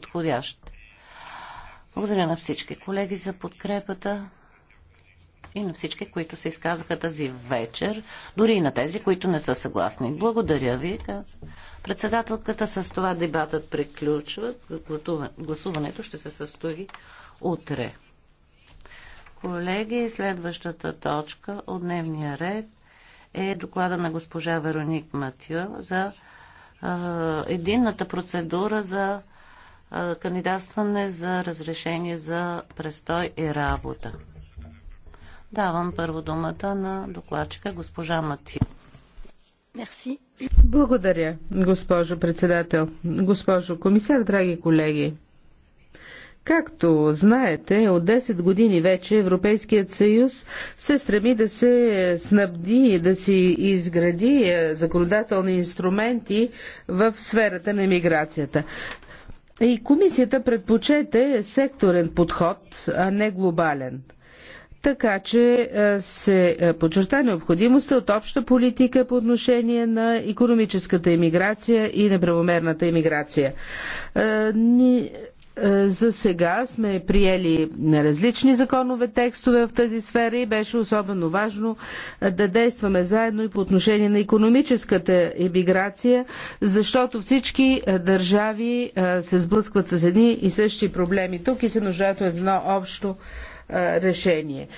подходящ. Благодаря на всички колеги за подкрепата и на всички, които се изказаха тази вечер, дори и на тези, които не са съгласни. Благодаря ви. Председателката с това дебатът приключва. Гласуването ще се състои утре. Колеги, следващата точка от дневния ред е доклада на госпожа Вероник Матио за единната процедура за кандидатстване за разрешение за престой и работа. Давам първо думата на докладчика госпожа Мати. Мерси. Благодаря, госпожо председател. Госпожо комисар, драги колеги, Както знаете, от 10 години вече Европейският съюз се стреми да се снабди, да си изгради е, законодателни инструменти в сферата на миграцията. И комисията предпочете секторен подход, а не глобален. Така че е, се е, подчерта необходимостта от обща политика по отношение на економическата иммиграция и неправомерната иммиграция. Е, е, за сега сме приели различни законове текстове в тази сфера и беше особено важно е, да действаме заедно и по отношение на економическата емиграция, защото всички е, държави се сблъскват с едни и същи проблеми тук и се нуждаят от едно общо решение.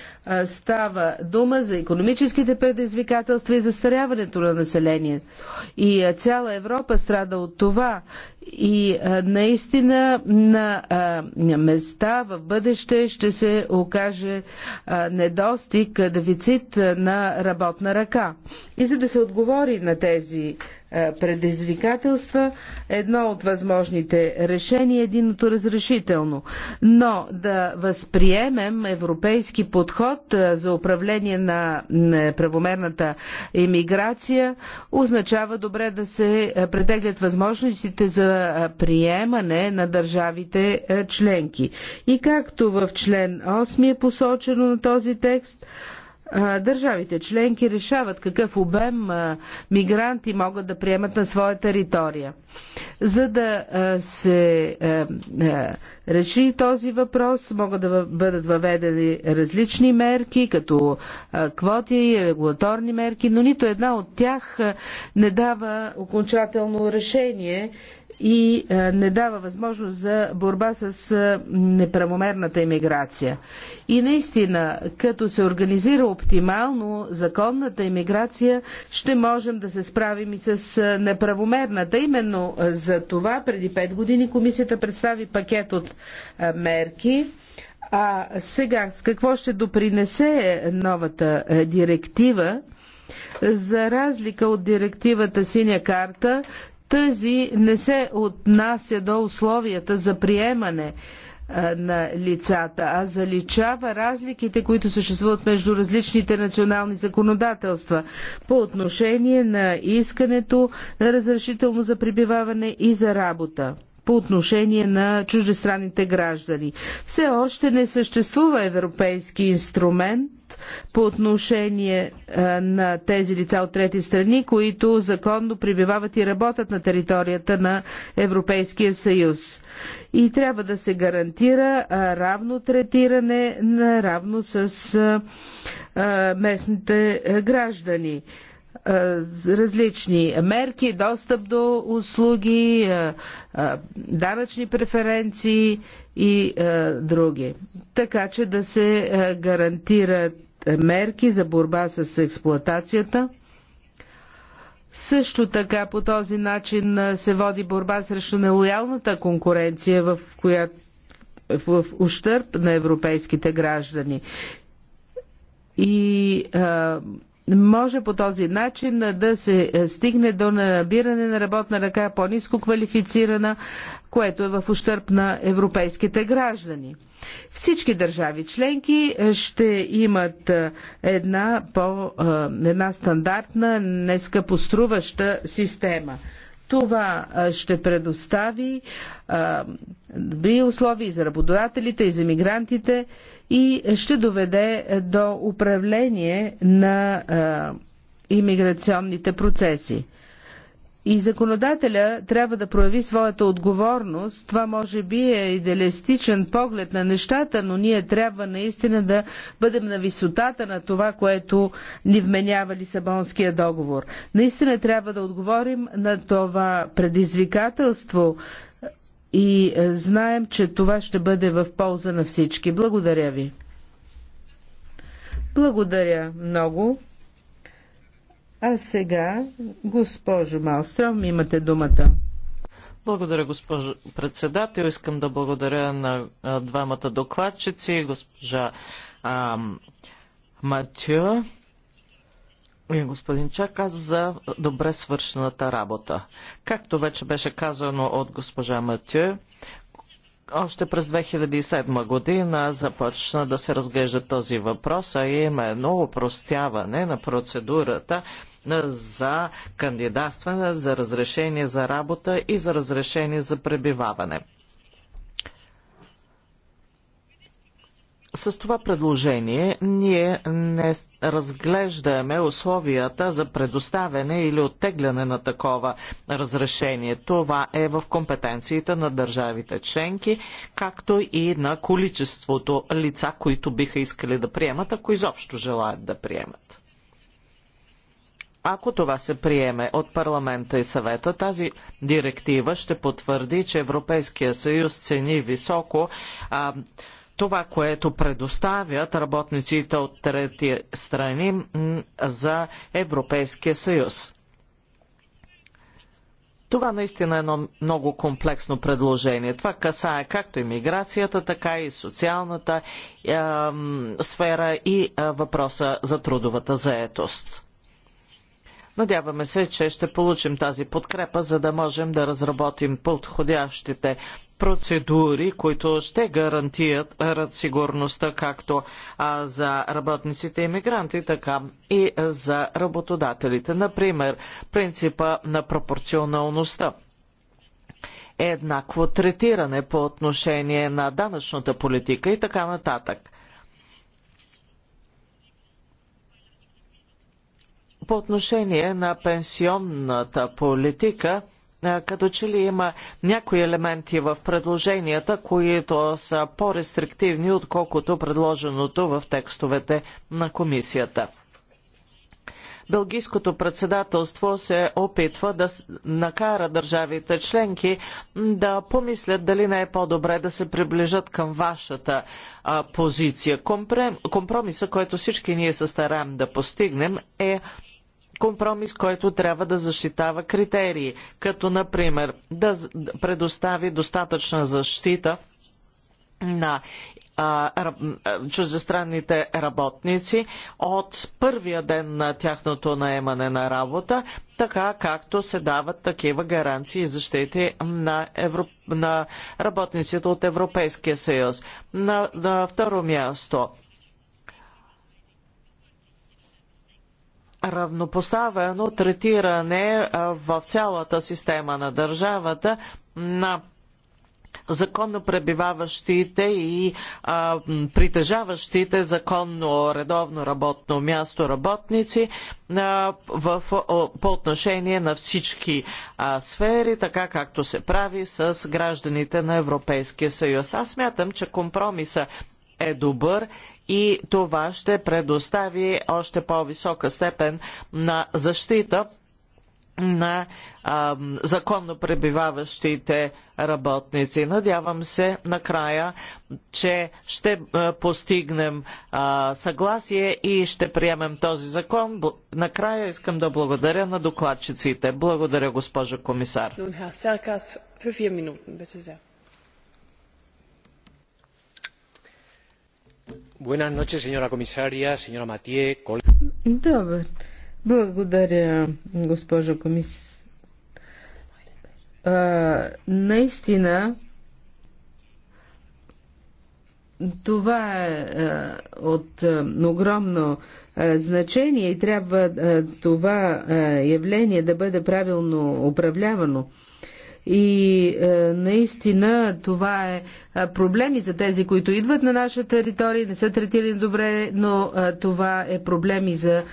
Става дума за економическите предизвикателства и застаряването на населението. И цяла Европа страда от това. И наистина на места в бъдеще ще се окаже недостиг, дефицит на работна ръка. И за да се отговори на тези е, предизвикателства, едно от възможните решения, е единото разрешително. Но да възприемем европейски подход е, за управление на правомерната иммиграция означава добре да се претеглят възможностите за приемане на държавите членки. И както в член 8 е посочено на този текст, Държавите членки решават какъв обем мигранти могат да приемат на своя територия. За да се реши този въпрос, могат да бъдат въведени различни мерки, като квоти и регулаторни мерки, но нито една от тях не дава окончателно решение и е, не дава възможност за борба с е, неправомерната иммиграция. И наистина, като се организира оптимално законната иммиграция, ще можем да се справим и с е, неправомерната. Именно за това преди 5 години комисията представи пакет от мерки. А сега, с какво ще допринесе новата директива? За разлика от директивата Синя карта, тази не се отнася до условията за приемане на лицата, а заличава разликите, които съществуват между различните национални законодателства по отношение на искането на разрешително за пребиваване и за работа по отношение на чуждестранните граждани. Все още не съществува европейски инструмент по отношение е, на тези лица от трети страни, които законно прибивават и работят на територията на Европейския съюз. И трябва да се гарантира е, равно третиране, равно с е, местните граждани. Е, различни мерки, достъп до услуги, е, е, данъчни преференции и други. Така че да се гарантират мерки за борба с експлоатацията. Също така по този начин се води борба срещу нелоялната конкуренция, в която в ущърп на европейските граждани. И а, може по този начин да се е, стигне до набиране на работна ръка по-низко квалифицирана, което е в ущърп на европейските граждани. Всички държави членки е, ще имат е, една, по, една стандартна, нескъпоструваща система. Това ще предостави добри условия и за работодателите, и за мигрантите, и ще доведе до управление на имиграционните процеси. И законодателя трябва да прояви своята отговорност. Това може би е идеалистичен поглед на нещата, но ние трябва наистина да бъдем на висотата на това, което ни вменява Лисабонския договор. Наистина трябва да отговорим на това предизвикателство и е, знаем, че това ще бъде в полза на всички. Благодаря ви. Благодаря много. А сега, госпожо Малстром, имате думата. Благодаря, госпожо председател. Искам да благодаря на двамата докладчици, госпожа ам, Матю е, господин Чака за добре свършената работа. Както вече беше казано от госпожа Матю, още през 2007 година започна да се разглежда този въпрос, а именно упростяване на процедурата за кандидатстване за разрешение за работа и за разрешение за пребиваване. С това предложение ние не разглеждаме условията за предоставяне или оттегляне на такова разрешение. Това е в компетенциите на държавите членки, както и на количеството лица, които биха искали да приемат, ако изобщо желаят да приемат. Ако това се приеме от парламента и съвета, тази директива ще потвърди, че Европейския съюз цени високо а, това, което предоставят работниците от трети страни за Европейския съюз. Това наистина е едно много комплексно предложение. Това касае както имиграцията, така и социалната е, сфера и е, въпроса за трудовата заетост. Надяваме се, че ще получим тази подкрепа, за да можем да разработим подходящите процедури, които ще гарантират сигурността както за работниците имигранти, така и за работодателите. Например, принципа на пропорционалността еднакво третиране по отношение на данъчната политика и така нататък. По отношение на пенсионната политика – е, като че ли има някои елементи в предложенията, които са по-рестриктивни, отколкото предложеното в текстовете на комисията. Белгийското председателство се опитва да накара държавите членки да помислят дали не е по-добре да се приближат към вашата а, позиция. Компромиса, който всички ние се стараем да постигнем е компромис, който трябва да защитава критерии, като например да предостави достатъчна защита на чуждестранните работници от първия ден на тяхното наемане на работа, така както се дават такива гаранции и защити на, евро... на работниците от Европейския съюз. На, на второ място равнопоставено третиране в цялата система на държавата на законно пребиваващите и а, притежаващите законно редовно работно място работници а, в, по отношение на всички а, сфери, така както се прави с гражданите на Европейския съюз. Аз смятам, че компромиса е добър и това ще предостави още по-висока степен на защита на а, законно пребиваващите работници. Надявам се накрая, че ще а, постигнем а, съгласие и ще приемем този закон. накрая искам да благодаря на докладчиците. Благодаря, госпожа комисар. señora comisaria señora mathieu colegas. Благодаря, госпожо Наистина, това е от огромно значение и трябва това явление да бъде правилно управлявано. И е, наистина това е, е проблеми за тези, които идват на наша територия, не са третирани добре, но е, това е проблеми за е,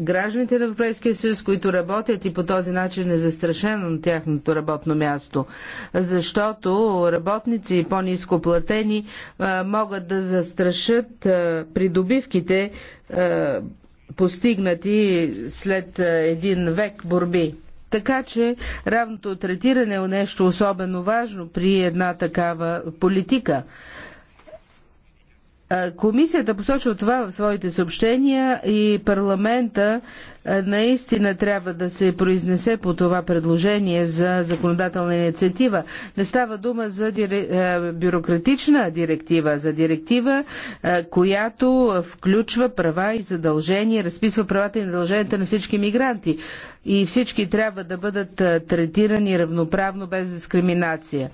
гражданите на Европейския съюз, които работят и по този начин е застрашено на тяхното работно място. Защото работници по-низко платени е, могат да застрашат е, придобивките, е, постигнати след е, един век борби. Така че равното третиране е нещо особено важно при една такава политика. Комисията посочва това в своите съобщения и парламента е, наистина трябва да се произнесе по това предложение за законодателна инициатива. Не става дума за е, бюрократична директива, за директива, е, която включва права и задължения, разписва правата и задълженията на всички мигранти. И всички трябва да бъдат третирани равноправно, без дискриминация.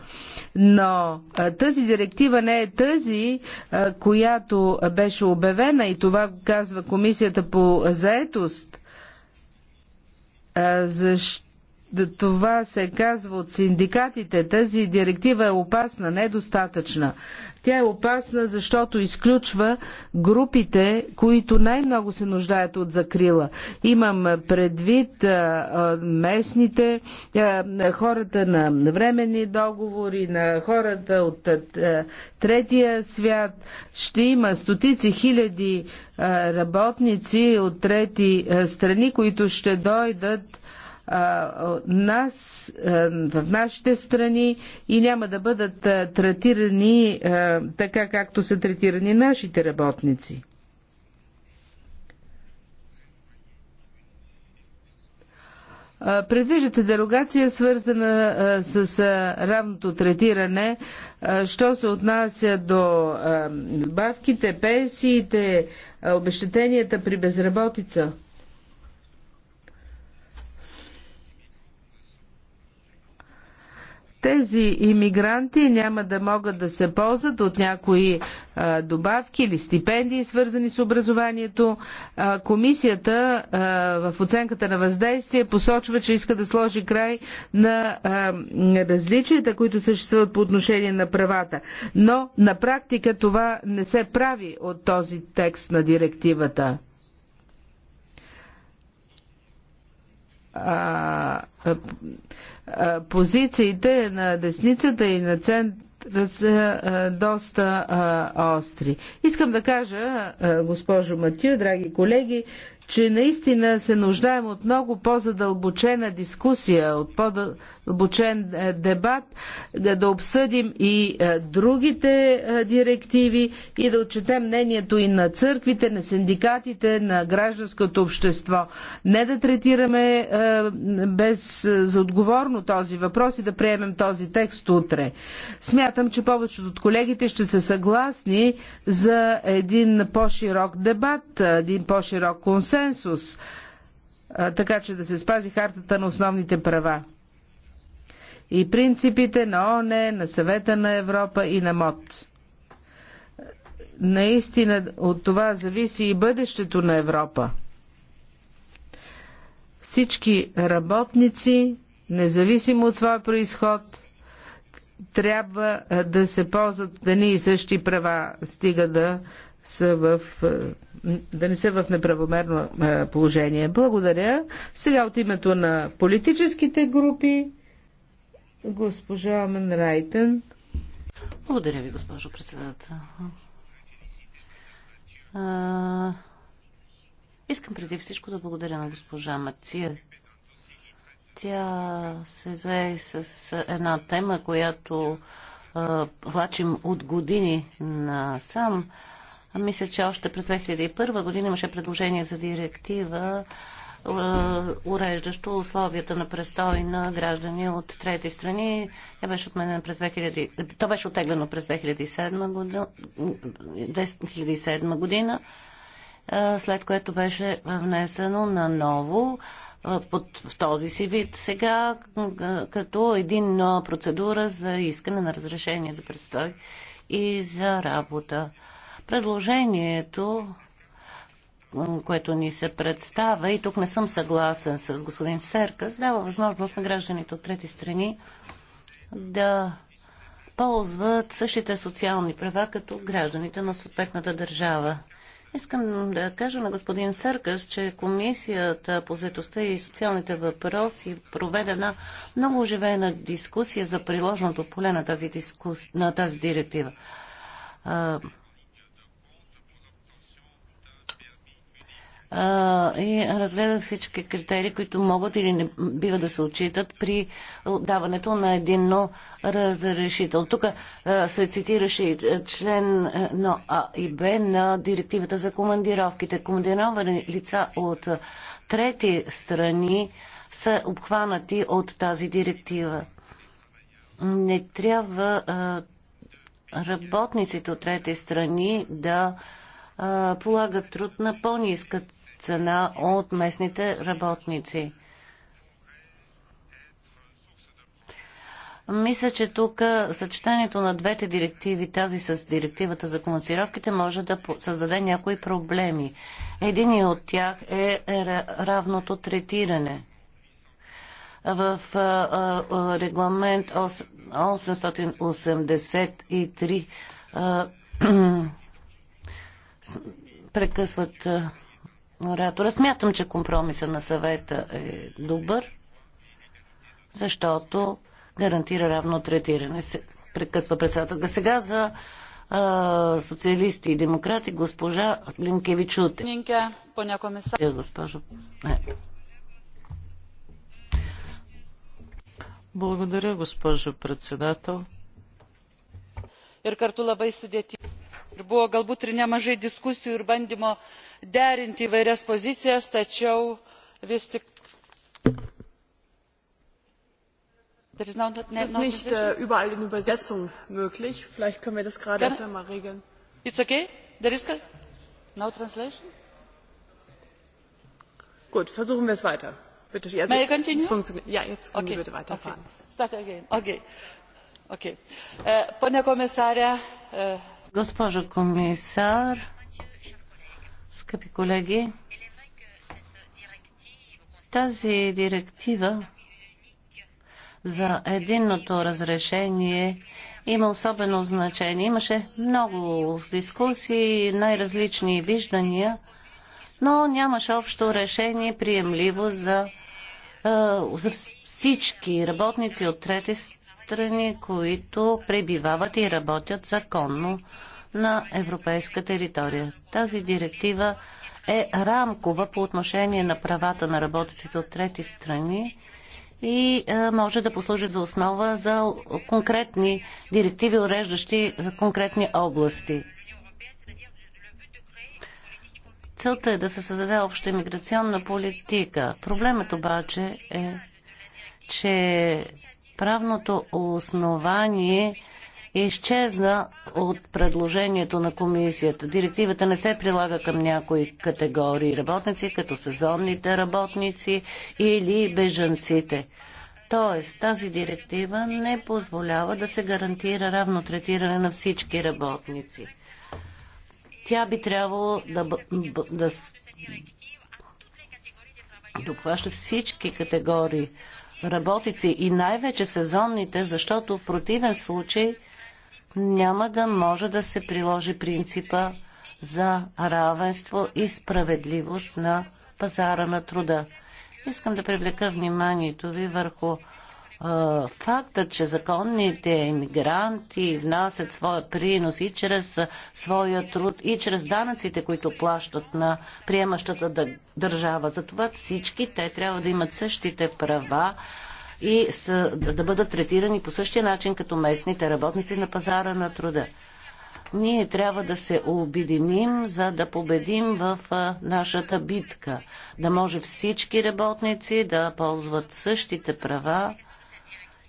Но тази директива не е тази, която беше обявена и това казва Комисията по заетост. Защо това се казва от синдикатите. Тази директива е опасна, недостатъчна. Тя е опасна, защото изключва групите, които най-много се нуждаят от закрила. Имам предвид местните, хората на временни договори, на хората от третия свят. Ще има стотици хиляди работници от трети страни, които ще дойдат нас, в нашите страни и няма да бъдат третирани така, както са третирани нашите работници. Предвиждате дерогация, свързана с равното третиране, що се отнася до бавките, пенсиите, обещетенията при безработица. тези иммигранти няма да могат да се ползват от някои а, добавки или стипендии, свързани с образованието. А, комисията а, в оценката на въздействие посочва, че иска да сложи край на а, различията, които съществуват по отношение на правата. Но на практика това не се прави от този текст на директивата. А, позициите на десницата и на центъра са доста остри. Искам да кажа, госпожо Матю, драги колеги, че наистина се нуждаем от много по-задълбочена дискусия, от по-дълбочен е, дебат, е, да обсъдим и е, другите директиви и да отчетем мнението и на църквите, на синдикатите, на гражданското общество. Не да третираме без заотговорно този въпрос и да приемем този текст утре. Смятам, че повечето от колегите ще са съгласни за един по-широк дебат, един по-широк консенсус консенсус, така че да се спази хартата на основните права и принципите на ОНЕ, на Съвета на Европа и на МОД. Наистина от това зависи и бъдещето на Европа. Всички работници, независимо от своя происход, трябва да се ползват едни и същи права, стига да са в да не са в неправомерно е, положение. Благодаря. Сега от името на политическите групи госпожа Амен Райтен. Благодаря ви, госпожо председател. искам преди всичко да благодаря на госпожа Мация. Тя се зае с една тема, която влачим от години насам. сам мисля, че още през 2001 година имаше предложение за директива, е, уреждащо условията на престой на граждани от трети страни. Тя беше отменена през 2000... То беше отеглено през 2007 година, 2007 е, година след което беше внесено на ново е, под, в този си вид сега, като един процедура за искане на разрешение за престой и за работа. Предложението, което ни се представя, и тук не съм съгласен с господин Серкас, дава възможност на гражданите от трети страни да ползват същите социални права като гражданите на съответната държава. Искам да кажа на господин Съркъс, че Комисията по заедостта и социалните въпроси проведе една много оживена дискусия за приложното поле на тази, дискус... на тази директива. и разгледах всички критерии, които могат или не бива да се отчитат при даването на единно разрешител. Тук се цитираше и член на А и Б на директивата за командировките. Командировани лица от трети страни са обхванати от тази директива. Не трябва работниците от трети страни да полагат труд на по-ниска цена от местните работници. Мисля, че тук съчетанието на двете директиви, тази с директивата за комасировките, може да създаде някои проблеми. Един от тях е равното третиране. В регламент 883 прекъсват оратора. Смятам, че компромиса на съвета е добър, защото гарантира равно третиране. Се прекъсва председателка. Сега за а, социалисти и демократи госпожа Линкевичуте. Блинкевичуте. Блинке, поня комисар. Госпожо... Не. Благодаря, госпожо председател. Ir kartu labai sudėtinga ir buvo galbūt ir nemažai diskusijų ir bandymo derinti įvairias pozicijas tačiau vis tik Es ist nicht überall in Übersetzung möglich. Vielleicht können wir das gerade erst einmal regeln. It's okay? There is no translation? Gut, versuchen wir es weiter. Bitte, jetzt, May I continue? Ja, jetzt können okay. wir bitte weiterfahren. Okay. Start again. Okay. Okay. Äh, Pone Kommissare, äh, Госпожо комисар, скъпи колеги, тази директива за единното разрешение има особено значение. Имаше много дискусии, най-различни виждания, но нямаше общо решение приемливо за, е, за всички работници от трети страни, които пребивават и работят законно на европейска територия. Тази директива е рамкова по отношение на правата на работниците от трети страни и е, може да послужи за основа за конкретни директиви, уреждащи конкретни области. Целта е да се създаде обща миграционна политика. Проблемът обаче е, че правното основание изчезна от предложението на комисията. Директивата не се прилага към някои категории работници, като сезонните работници или бежанците. Тоест, тази директива не позволява да се гарантира равно третиране на всички работници. Тя би трябвало да, да, да обхваща всички категории работници и най-вече сезонните, защото в противен случай няма да може да се приложи принципа за равенство и справедливост на пазара на труда. Искам да привлека вниманието ви върху факта, че законните иммигранти внасят своя принос и чрез своя труд, и чрез данъците, които плащат на приемащата държава. Затова всички те трябва да имат същите права и да бъдат третирани по същия начин като местните работници на пазара на труда. Ние трябва да се обединим, за да победим в нашата битка. Да може всички работници да ползват същите права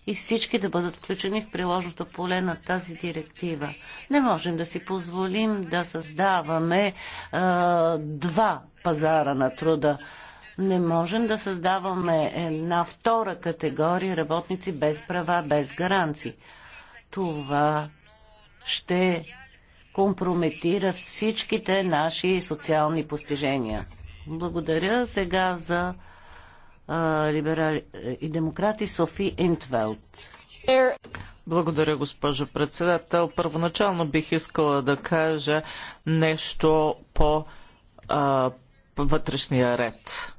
и всички да бъдат включени в приложното поле на тази директива. Не можем да си позволим да създаваме е, два пазара на труда. Не можем да създаваме една втора категория работници без права, без гаранции. Това ще компрометира всичките наши социални постижения. Благодаря сега за либерали и демократи Софи Интвелт. Благодаря, госпожо председател. Първоначално бих искала да кажа нещо по а, вътрешния ред.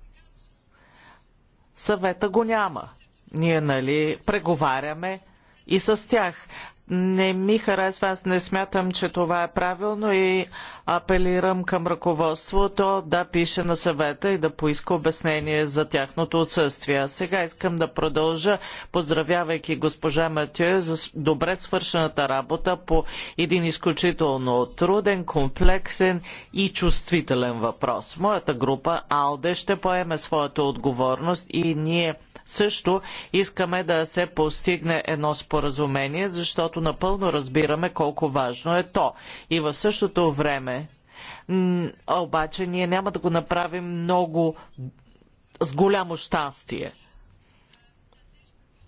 Съвета го няма. Ние, нали, преговаряме и с тях не ми харесва, аз не смятам, че това е правилно и апелирам към ръководството да пише на съвета и да поиска обяснение за тяхното отсъствие. А сега искам да продължа, поздравявайки госпожа Матю за добре свършената работа по един изключително труден, комплексен и чувствителен въпрос. Моята група АЛДЕ ще поеме своята отговорност и ние също искаме да се постигне едно споразумение, защото защото напълно разбираме колко важно е то. И в същото време, обаче, ние няма да го направим много с голямо щастие.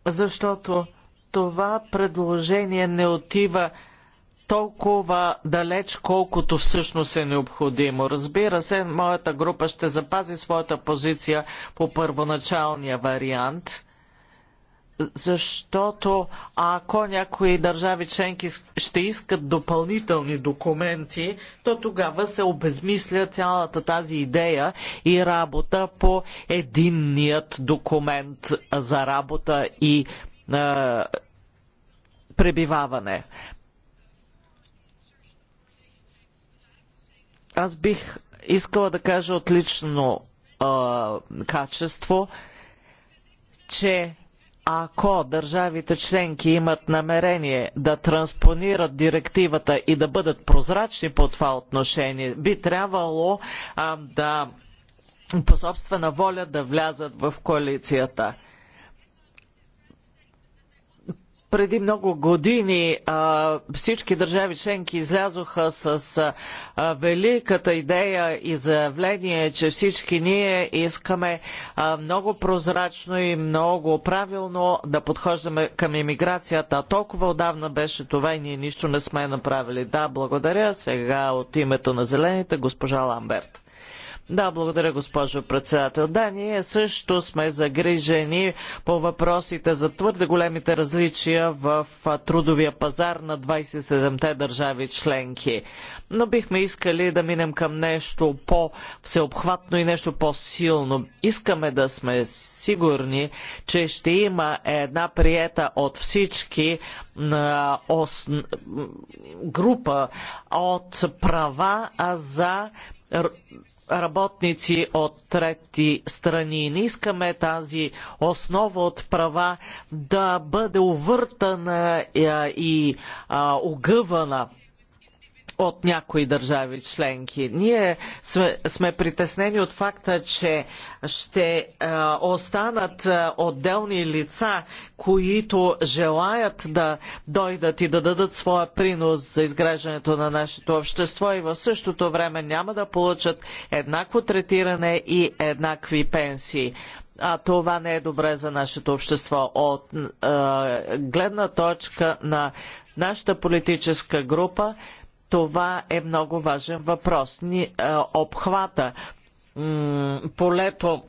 Защото това предложение не отива толкова далеч, колкото всъщност е необходимо. Разбира се, моята група ще запази своята позиция по първоначалния вариант – защото ако някои държави членки ще искат допълнителни документи, то тогава се обезмисля цялата тази идея и работа по единният документ за работа и е, пребиваване. Аз бих искала да кажа отлично е, качество, че ако държавите членки имат намерение да транспонират директивата и да бъдат прозрачни по това отношение, би трябвало а, да по собствена воля да влязат в коалицията преди много години а, всички държави членки излязоха с а, великата идея и заявление, че всички ние искаме а, много прозрачно и много правилно да подхождаме към имиграцията. Толкова отдавна беше това и ние нищо не сме направили. Да, благодаря. Сега от името на Зелените госпожа Ламберт. Да, благодаря, госпожо председател. Да, ние също сме загрижени по въпросите за твърде големите различия в трудовия пазар на 27-те държави членки. Но бихме искали да минем към нещо по-всеобхватно и нещо по-силно. Искаме да сме сигурни, че ще има една приета от всички група от права за работници от трети страни. Не искаме тази основа от права да бъде увъртана е, и огъвана от някои държави членки. Ние сме, сме притеснени от факта, че ще останат отделни лица, които желаят да дойдат и да дадат своя принос за изграждането на нашето общество и в същото време няма да получат еднакво третиране и еднакви пенсии а това не е добре за нашето общество. От е, гледна точка на нашата политическа група това е много важен въпрос. Ни, е, обхвата, полето,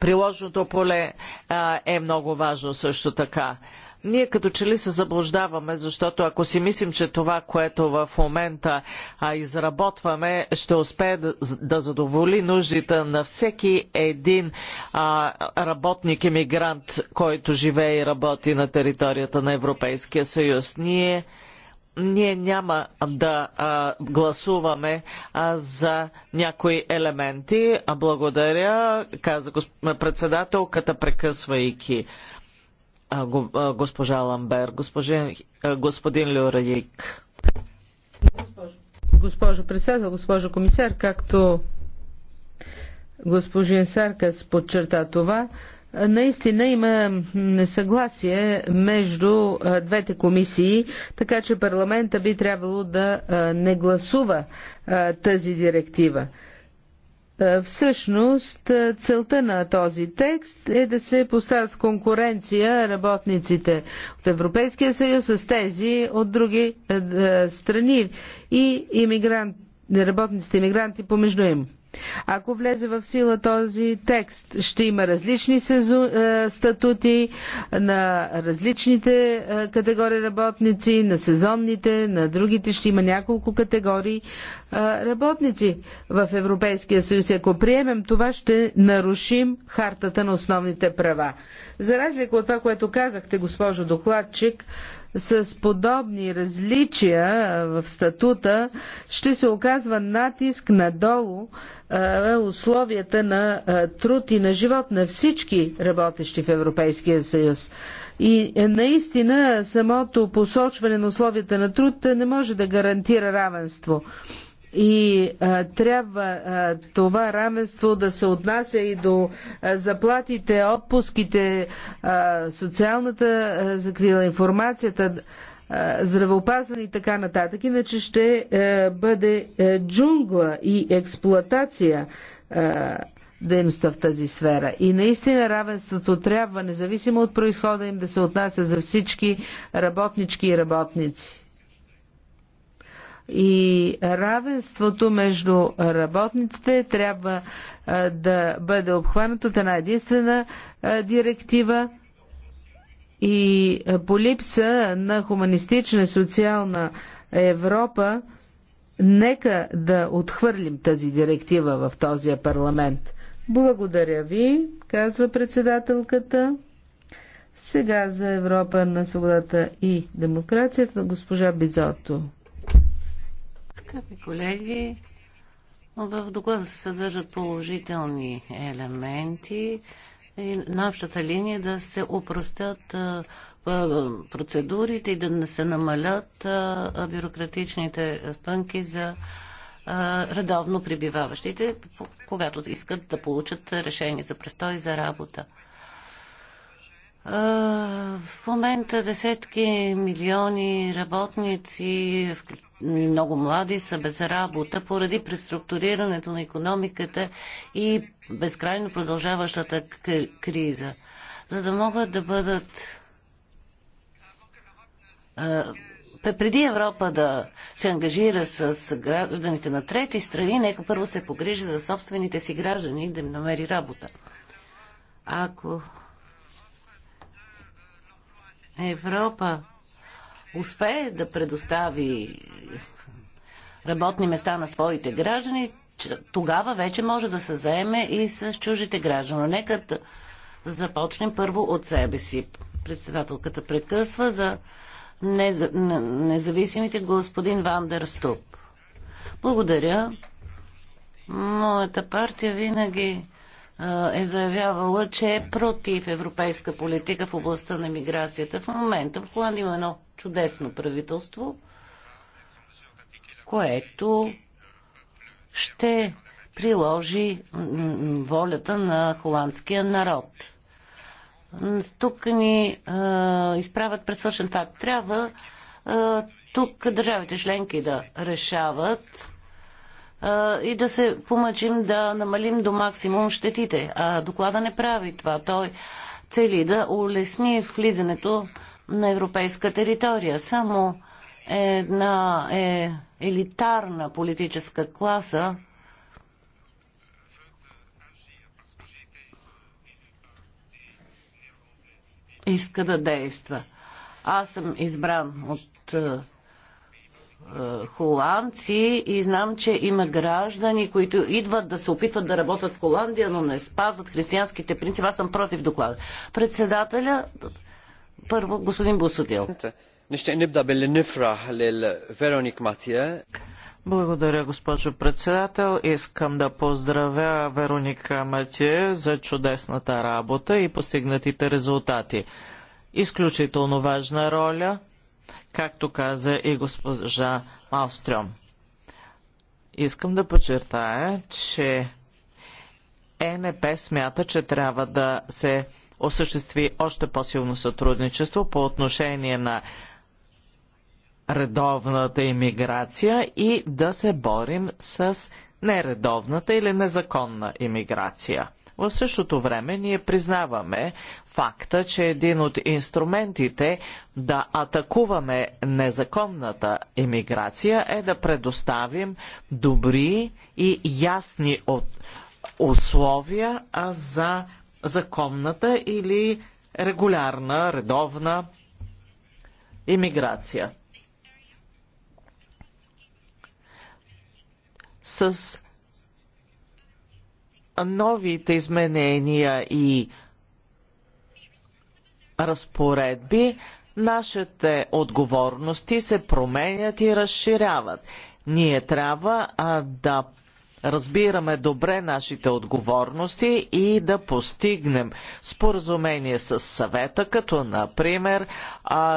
приложното поле е, е много важно също така. Ние като че ли се заблуждаваме, защото ако си мислим, че това, което в момента а, изработваме, ще успее да, да задоволи нуждите на всеки един а, работник емигрант, който живее и работи на територията на Европейския съюз. Ние ние няма да а, гласуваме а, за някои елементи. А благодаря, каза председателката, прекъсвайки а, го, а, госпожа Ламбер. Госпожин, а, господин Люрадик. Госпожо, госпожо председател, госпожо комисар, както господин Саркас подчерта това, Наистина има несъгласие между двете комисии, така че парламента би трябвало да не гласува тази директива. Всъщност, целта на този текст е да се поставят в конкуренция работниците от Европейския съюз с тези от други страни и работниците иммигранти помежду им. Ако влезе в сила този текст, ще има различни е, статути на различните е, категории работници, на сезонните, на другите ще има няколко категории е, работници в Европейския съюз. Ако приемем това, ще нарушим хартата на основните права. За разлика от това, което казахте, госпожо докладчик, с подобни различия в статута ще се оказва натиск надолу условията на труд и на живот на всички работещи в Европейския съюз. И е, наистина самото посочване на условията на труд не може да гарантира равенство. И а, трябва а, това равенство да се отнася и до а, заплатите, отпуските, а, социалната а, закрила, информацията, а, здравеопазване и така нататък. Иначе ще а, бъде а, джунгла и експлоатация. А, дейността в тази сфера. И наистина равенството трябва, независимо от происхода им, да се отнася за всички работнички и работници и равенството между работниците трябва да бъде обхванато от една единствена директива и по липса на хуманистична и социална Европа, нека да отхвърлим тази директива в този парламент. Благодаря ви, казва председателката. Сега за Европа на свободата и демокрацията госпожа Бизото. Скъпи колеги, в доклада се съдържат положителни елементи и на общата линия е да се упростят процедурите и да не се намалят бюрократичните пънки за редовно прибиваващите, когато искат да получат решение за престой и за работа. В момента десетки милиони работници, много млади са без работа поради преструктурирането на економиката и безкрайно продължаващата криза. За да могат да бъдат преди Европа да се ангажира с гражданите на трети страни, нека първо се погрижи за собствените си граждани и да им намери работа. Ако Европа успее да предостави работни места на своите граждани, тогава вече може да се заеме и с чужите граждани. Нека да започнем първо от себе си. Председателката прекъсва за независимите господин Вандер Ступ. Благодаря. Моята партия винаги е заявявала, че е против европейска политика в областта на миграцията. В момента в Холандия има едно чудесно правителство, което ще приложи волята на холандския народ. Тук ни е, изправят пресвършен факт. Трябва е, тук държавите членки да решават а, и да се помъчим да намалим до максимум щетите. А доклада не прави това. Той цели да улесни влизането на европейска територия. Само една е, елитарна политическа класа иска да действа. Аз съм избран от е, холандци и знам, че има граждани, които идват да се опитват да работят в Холандия, но не спазват християнските принципи. Аз съм против доклада. Председателя, първо господин Бусотил. Благодаря, госпожо председател. Искам да поздравя Вероника Матие за чудесната работа и постигнатите резултати. Изключително важна роля както каза и госпожа Малстрем. Искам да подчертая, че ЕНП смята, че трябва да се осъществи още по-силно сътрудничество по отношение на редовната имиграция и да се борим с нередовната или незаконна имиграция. В същото време ние признаваме факта, че един от инструментите да атакуваме незаконната емиграция е да предоставим добри и ясни условия за законната или регулярна, редовна имиграция. С новите изменения и разпоредби, нашите отговорности се променят и разширяват. Ние трябва а, да разбираме добре нашите отговорности и да постигнем споразумение с съвета, като например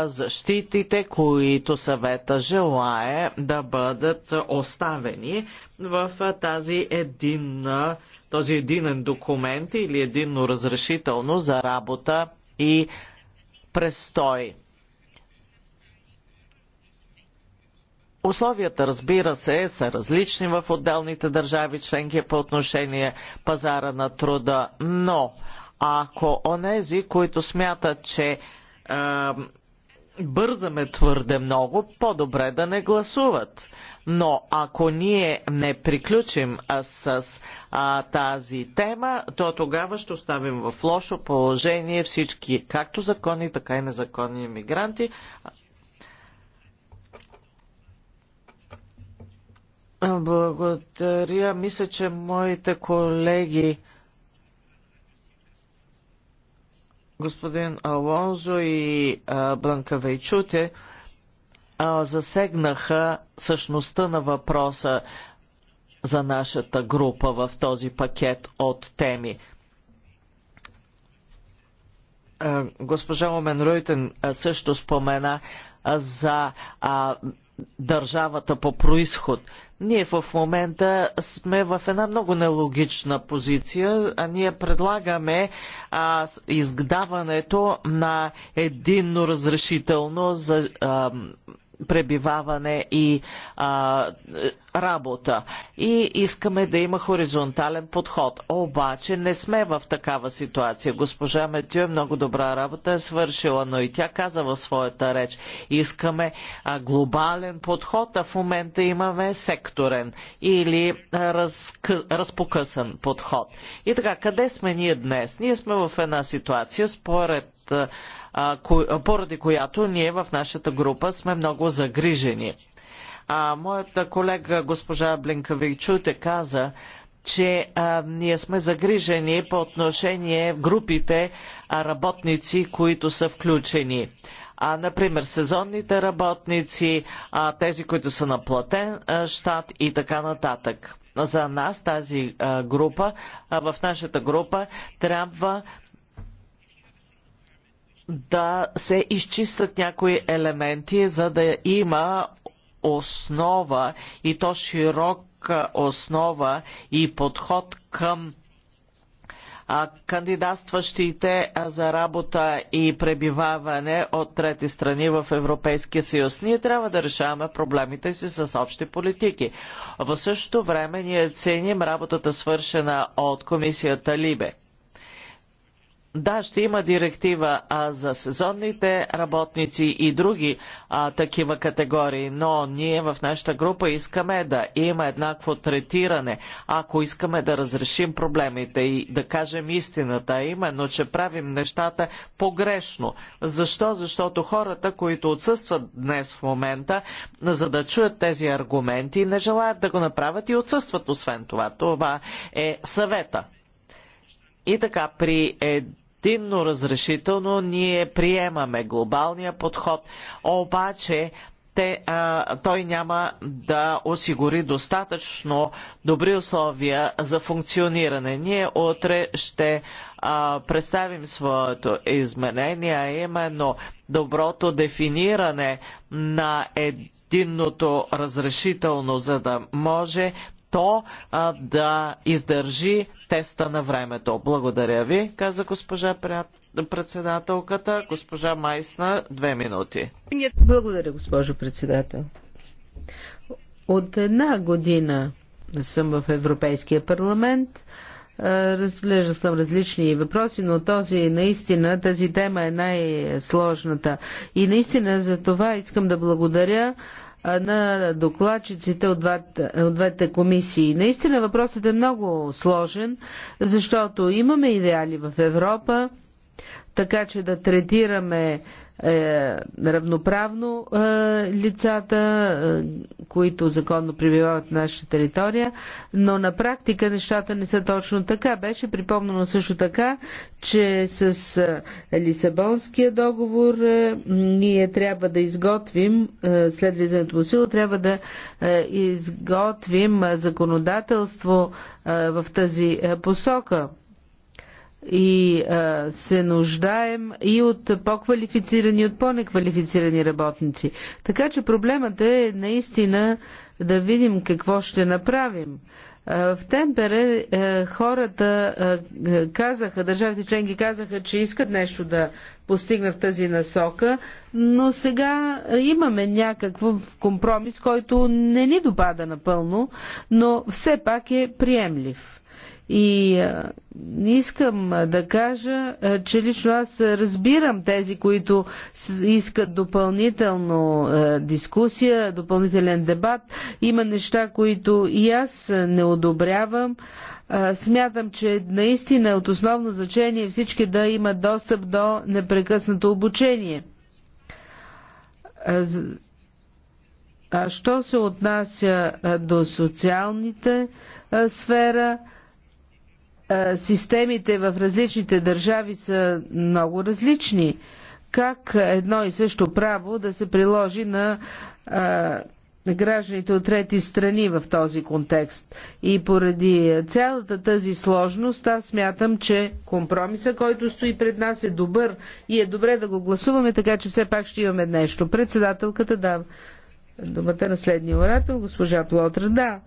защитите, които съвета желае да бъдат оставени в тази единна този единен документ или единно разрешително за работа и престой. Условията, разбира се, са различни в отделните държави членки по отношение пазара на труда, но ако онези, които смятат, че бързаме твърде много, по-добре да не гласуват. Но ако ние не приключим с а, тази тема, то тогава ще оставим в лошо положение всички, както законни, така и незаконни иммигранти. Благодаря. Мисля, че моите колеги господин Алонзо и вейчуте, засегнаха същността на въпроса за нашата група в този пакет от теми. Госпожа Омен Руйтен също спомена за държавата по происход ние в момента сме в една много нелогична позиция. А ние предлагаме а, издаването на единно разрешително за а, пребиваване и а, работа. И искаме да има хоризонтален подход. Обаче не сме в такава ситуация. Госпожа Метю е много добра работа е свършила, но и тя каза в своята реч. Искаме а, глобален подход, а в момента имаме секторен или а, разпокъсан подход. И така, къде сме ние днес? Ние сме в една ситуация, според поради която ние в нашата група сме много загрижени. А моята колега госпожа Блинкавичуте каза, че а, ние сме загрижени по отношение групите а, работници, които са включени. А, например, сезонните работници, а, тези, които са на платен а, щат и така нататък. За нас тази а, група, а, в нашата група, трябва да се изчистят някои елементи, за да има основа и то широка основа и подход към кандидатстващите за работа и пребиваване от трети страни в Европейския съюз. Ние трябва да решаваме проблемите си с общи политики. В същото време ние ценим работата свършена от комисията Либе. Да, ще има директива а, за сезонните работници и други а, такива категории, но ние в нашата група искаме да има еднакво третиране, ако искаме да разрешим проблемите и да кажем истината, а именно, че правим нещата погрешно. Защо? Защото хората, които отсъстват днес в момента, за да чуят тези аргументи, не желаят да го направят и отсъстват освен това. Това е съвета. И така, при един междинно разрешително ние приемаме глобалния подход, обаче те, а, той няма да осигури достатъчно добри условия за функциониране. Ние утре ще а, представим своето изменение, а именно доброто дефиниране на единното разрешително, за да може то а, да издържи теста на времето. Благодаря ви, каза госпожа председателката. Госпожа Майсна, две минути. Благодаря, госпожо председател. От една година съм в Европейския парламент. Разглеждал съм различни въпроси, но този наистина, тази тема е най-сложната. И наистина за това искам да благодаря на докладчиците от, двете, от двете комисии. Наистина въпросът е много сложен, защото имаме идеали в Европа, така че да третираме е, равноправно е, лицата, е, които законно прибивават на нашата територия, но на практика нещата не са точно така. Беше припомнено също така, че с е, Лисабонския договор е, ние трябва да изготвим, е, след влизането му сила, трябва да е, изготвим е, законодателство е, в тази е, посока и а, се нуждаем и от по-квалифицирани, и от по-неквалифицирани работници. Така че проблемът е наистина да видим какво ще направим. В Темпере хората казаха, държавите членки казаха, че искат нещо да постигна в тази насока, но сега имаме някакъв компромис, който не ни допада напълно, но все пак е приемлив. И а, искам да кажа, а, че лично аз разбирам тези, които искат допълнително а, дискусия, допълнителен дебат. Има неща, които и аз не одобрявам. Смятам, че наистина е от основно значение всички да имат достъп до непрекъснато обучение. А що се отнася до социалните сфера, системите в различните държави са много различни. Как едно и също право да се приложи на гражданите от трети страни в този контекст. И поради цялата тази сложност, аз смятам, че компромиса, който стои пред нас е добър и е добре да го гласуваме, така че все пак ще имаме нещо. Председателката дава думата на следния оратор, госпожа Плотра. Да,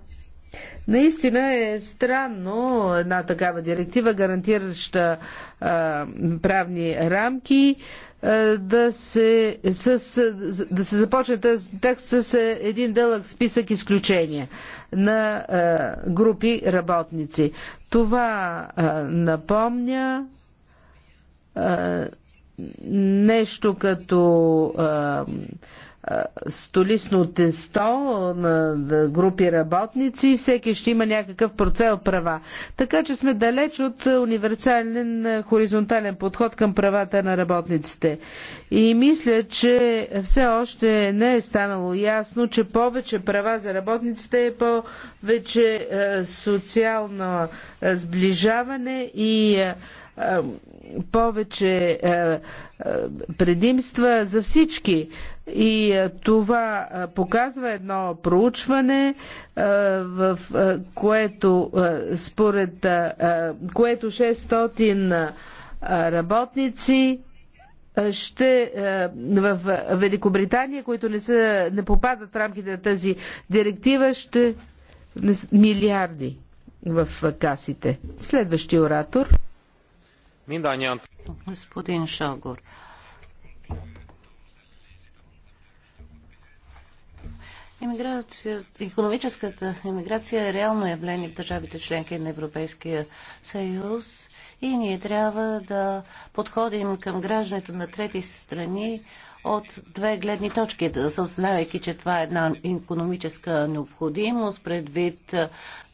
Наистина е странно една такава директива, гарантираща а, правни рамки, а, да, се, с, да се започне този текст с е, един дълъг списък изключения на а, групи работници. Това а, напомня а, нещо като. А, столично тесто на групи работници и всеки ще има някакъв портфел права. Така че сме далеч от универсален хоризонтален подход към правата на работниците. И мисля, че все още не е станало ясно, че повече права за работниците е повече е, социално е, сближаване и е, повече е, предимства за всички. И е, това е, показва едно проучване, в което според което 600 работници ще в Великобритания, които не, са, не попадат в рамките на тази директива, ще милиарди в касите. Следващия оратор. Mindannyian. Господин Шогор, Емиграция, економическата емиграция е реално явление в държавите членки на Европейския съюз и ние трябва да подходим към гражданите на трети страни от две гледни точки, съзнавайки, че това е една економическа необходимост предвид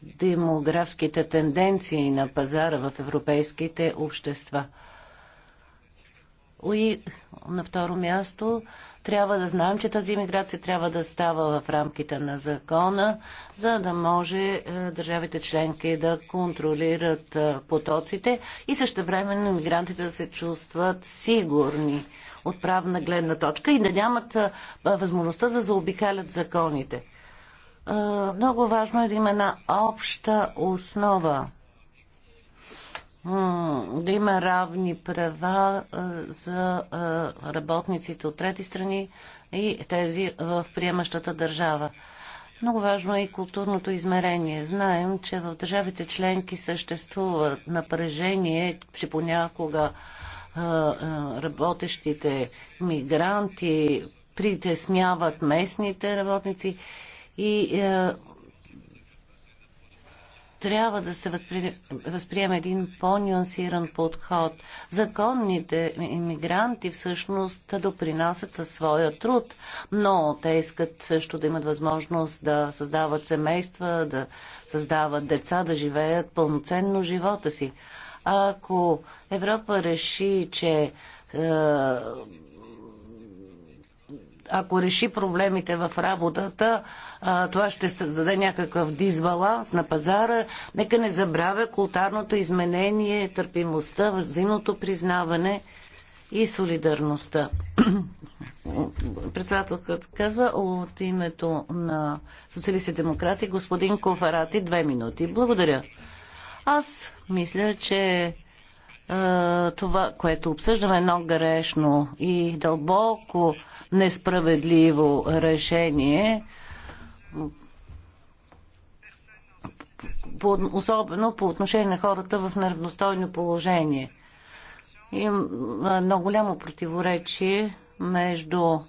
демографските тенденции на пазара в европейските общества. И на второ място трябва да знаем, че тази иммиграция трябва да става в рамките на закона, за да може е, държавите членки да контролират е, потоците и също времено иммигрантите да се чувстват сигурни от правна гледна точка и да нямат е, възможността да заобикалят законите. Много важно е да има една обща основа да има равни права за работниците от трети страни и тези в приемащата държава. Много важно е и културното измерение. Знаем, че в държавите членки съществува напрежение, че понякога работещите мигранти притесняват местните работници и трябва да се възпри... възприеме един по-нюансиран подход. Законните иммигранти всъщност допринасят със своя труд, но те искат също да имат възможност да създават семейства, да създават деца, да живеят пълноценно живота си. Ако Европа реши, че е ако реши проблемите в работата, това ще създаде някакъв дисбаланс на пазара. Нека не забравя културното изменение, търпимостта, взаимното признаване и солидарността. Председателката казва от името на социалисти демократи господин Кофарати две минути. Благодаря. Аз мисля, че това, което обсъждаме, е едно грешно и дълбоко несправедливо решение, по, особено по отношение на хората в неравностойно положение. Има едно голямо противоречие между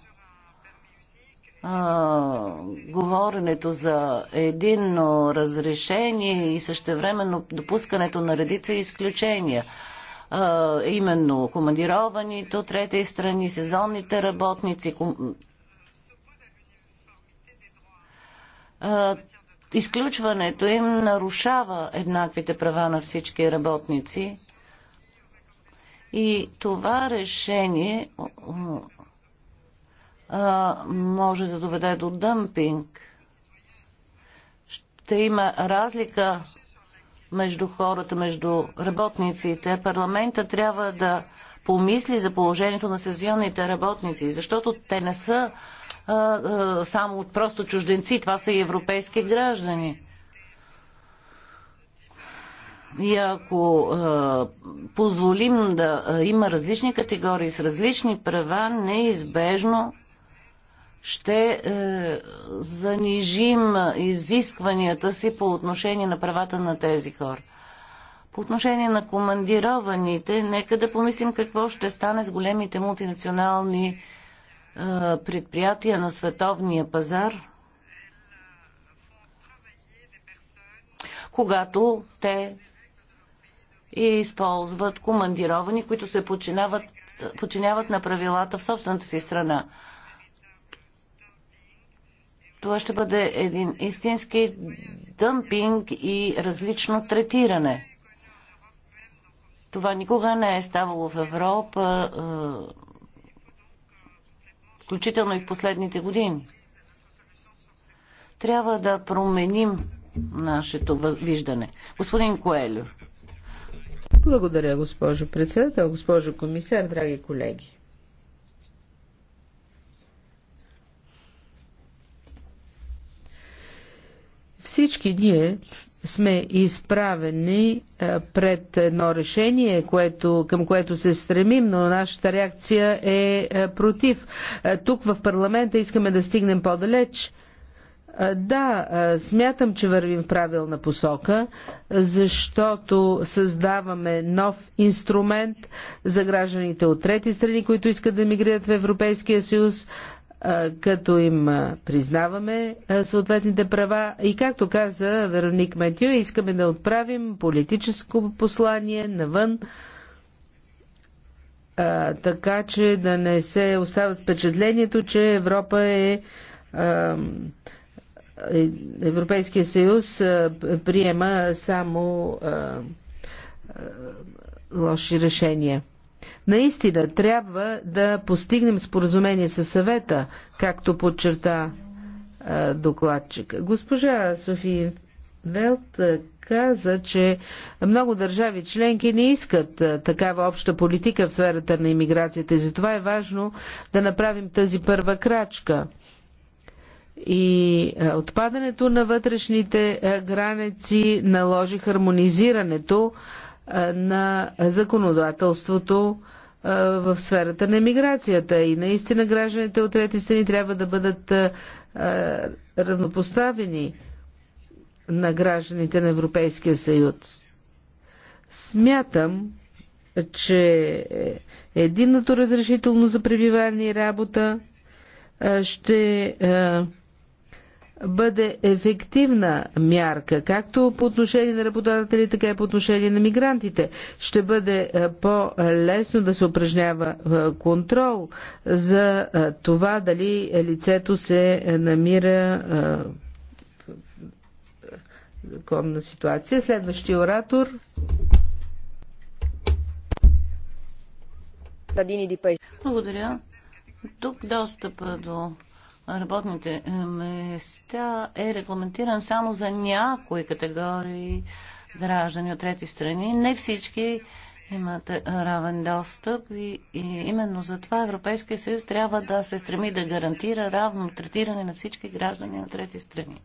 а, говоренето за единно разрешение и същевременно допускането на редица изключения – именно командированите от трети страни, сезонните работници. Ком... изключването им нарушава еднаквите права на всички работници. И това решение може да доведе до дъмпинг. Ще има разлика между хората, между работниците, парламента трябва да помисли за положението на сезионните работници, защото те не са а, а, само просто чужденци, това са и европейски граждани. И ако а, позволим да а, има различни категории с различни права, неизбежно ще е, занижим изискванията си по отношение на правата на тези хора. По отношение на командированите, нека да помислим какво ще стане с големите мултинационални е, предприятия на световния пазар, когато те използват командировани, които се подчиняват, подчиняват на правилата в собствената си страна това ще бъде един истински дъмпинг и различно третиране. Това никога не е ставало в Европа, е, включително и в последните години. Трябва да променим нашето виждане. Господин Коелю. Благодаря, госпожо председател, госпожо комисар, драги колеги. Всички ние сме изправени е, пред едно решение, което, към което се стремим, но нашата реакция е, е против. Е, тук в парламента искаме да стигнем по-далеч. Да, смятам, че вървим в правилна посока, защото създаваме нов инструмент за гражданите от трети страни, които искат да мигрират в Европейския съюз като им признаваме съответните права и както каза Вероник Матю, искаме да отправим политическо послание навън, така че да не се остава впечатлението, че Европа е, е Европейския съюз приема само лоши решения. Наистина трябва да постигнем споразумение със съвета, както подчерта е, докладчик. Госпожа София Велт каза, че много държави членки не искат такава обща политика в сферата на иммиграцията и затова е важно да направим тази първа крачка. И отпадането на вътрешните граници наложи хармонизирането на законодателството в сферата на миграцията. И наистина гражданите от трети страни трябва да бъдат равнопоставени на гражданите на Европейския съюз. Смятам, че единното разрешително за пребиваване и работа ще бъде ефективна мярка, както по отношение на работодатели, така и по отношение на мигрантите. Ще бъде е, по-лесно да се упражнява е, контрол за е, това дали лицето се намира в законна ситуация. Следващия оратор. Благодаря. Тук достъпа до работните е, места е регламентиран само за някои категории граждани от трети страни. Не всички имат равен достъп и, и именно за това Европейския съюз трябва да се стреми да гарантира равно третиране на всички граждани от трети страни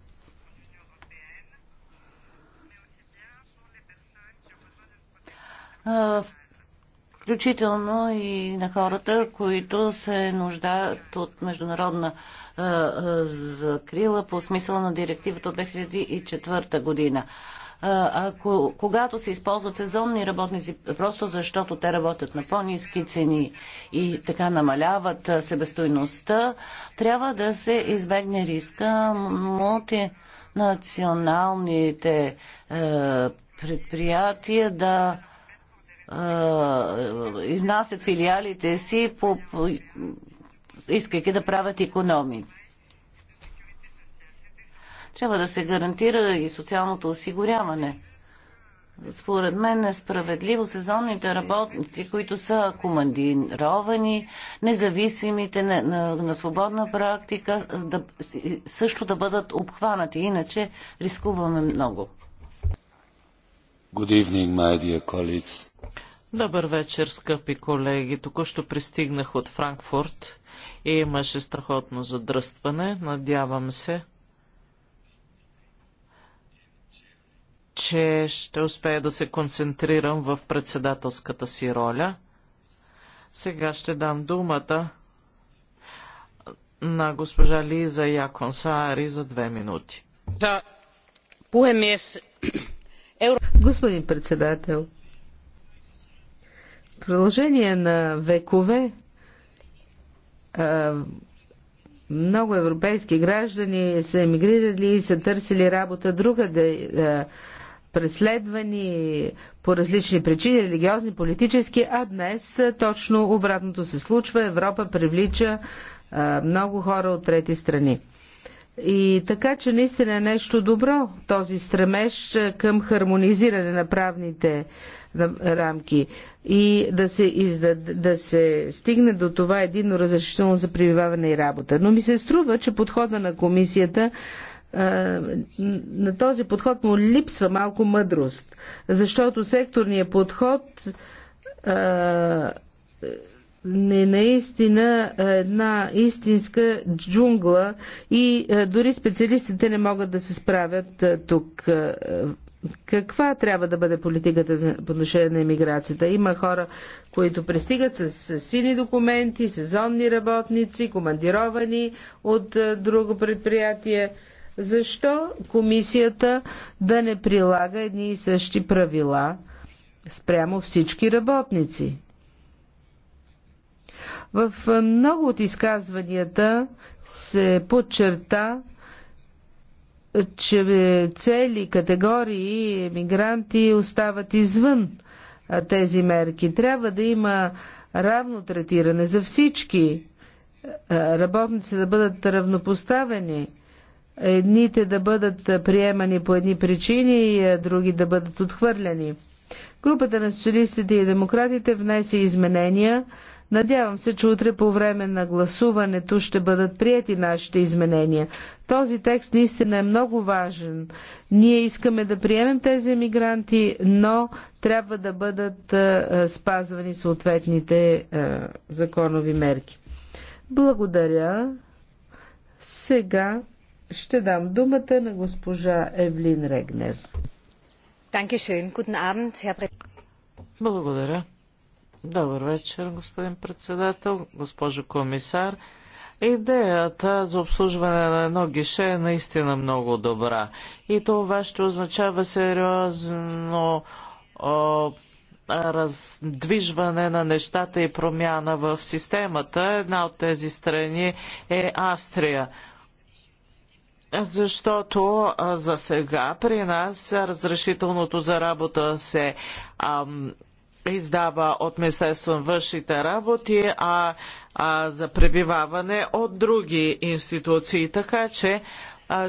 включително и на хората, които се нуждаят от международна закрила по смисъла на директивата от 2004 година. Ако, когато се използват сезонни работници, просто защото те работят на по-низки цени и така намаляват себестойността, трябва да се избегне риска мултинационалните е, предприятия да изнасят филиалите си, по, по, искайки да правят економии. Трябва да се гарантира и социалното осигуряване. Според мен е справедливо сезонните работници, които са командировани, независимите на, на, на свободна практика, да, също да бъдат обхванати. Иначе рискуваме много. Evening, Добър вечер, скъпи колеги. Току-що пристигнах от Франкфурт и имаше страхотно задръстване. Надявам се, че ще успея да се концентрирам в председателската си роля. Сега ще дам думата на госпожа Лиза Яконсаари за две минути. puhemies Господин председател, в продължение на векове много европейски граждани са емигрирали и са търсили работа другаде, преследвани по различни причини, религиозни, политически, а днес точно обратното се случва. Европа привлича много хора от трети страни. И така, че наистина е нещо добро този стремеж е, към хармонизиране на правните рамки и да се, издад, да се стигне до това единно разрешително за прибиваване и работа. Но ми се струва, че подхода на комисията е, на този подход му липсва малко мъдрост, защото секторният подход е, не наистина една истинска джунгла и дори специалистите не могат да се справят тук. Каква трябва да бъде политиката за отношение на емиграцията? Има хора, които пристигат с сини документи, сезонни работници, командировани от друго предприятие. Защо комисията да не прилага едни и същи правила спрямо всички работници? В е, много от изказванията се подчерта, че цели категории мигранти остават извън тези мерки. Трябва да има равно третиране за всички е, работници да бъдат равнопоставени, едните да бъдат приемани по едни причини, а други да бъдат отхвърляни. Групата на социалистите и демократите внесе изменения, Надявам се, че утре по време на гласуването ще бъдат прияти нашите изменения. Този текст наистина е много важен. Ние искаме да приемем тези емигранти, но трябва да бъдат е, е, спазвани съответните е, законови мерки. Благодаря. Сега ще дам думата на госпожа Евлин Регнер. Благодаря. Добър вечер, господин председател, госпожо комисар. Идеята за обслужване на едно гише е наистина много добра. И това ще означава сериозно о, раздвижване на нещата и промяна в системата. Една от тези страни е Австрия. Защото за сега при нас разрешителното за работа се ам, издава от Министерство на външните работи, а, а за пребиваване от други институции. Така че